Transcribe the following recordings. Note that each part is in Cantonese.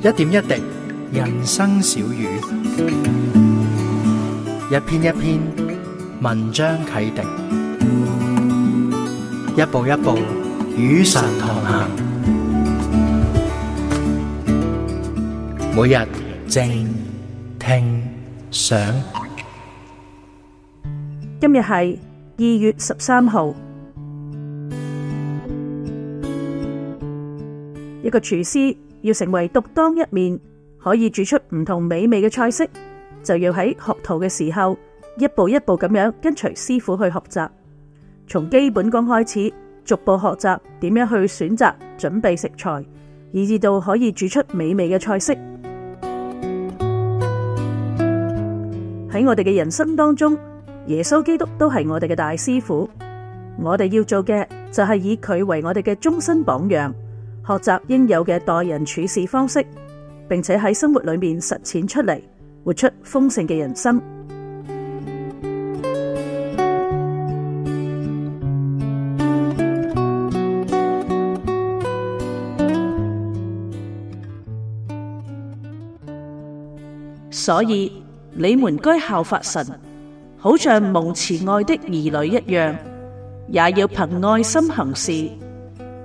一點一滴，人生小語；一篇一篇，文章啟迪；一步一步，與主同行。每日靜聽想，今日係二月十三號。一個廚師。要成為獨當一面，可以煮出唔同美味嘅菜式，就要喺學徒嘅時候一步一步咁樣跟隨師傅去學習，從基本功開始，逐步學習點樣去選擇、準備食材，以至到可以煮出美味嘅菜式。喺我哋嘅人生當中，耶穌基督都係我哋嘅大師傅，我哋要做嘅就係以佢為我哋嘅終身榜樣。學習應有嘅待人處事方式，並且喺生活裏面實踐出嚟，活出豐盛嘅人生。所以，你們該效法神，好像蒙慈愛的兒女一樣，也要憑愛心行事。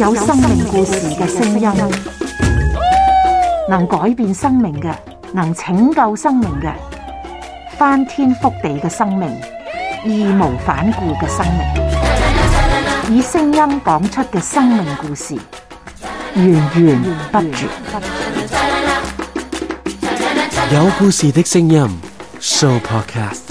有生命故事嘅聲音，能改變生命嘅，能拯救生命嘅，翻天覆地嘅生命，義無反顧嘅生命，以聲音講出嘅生命故事，源源不絕。有故事嘅聲音，Sooo Podcast。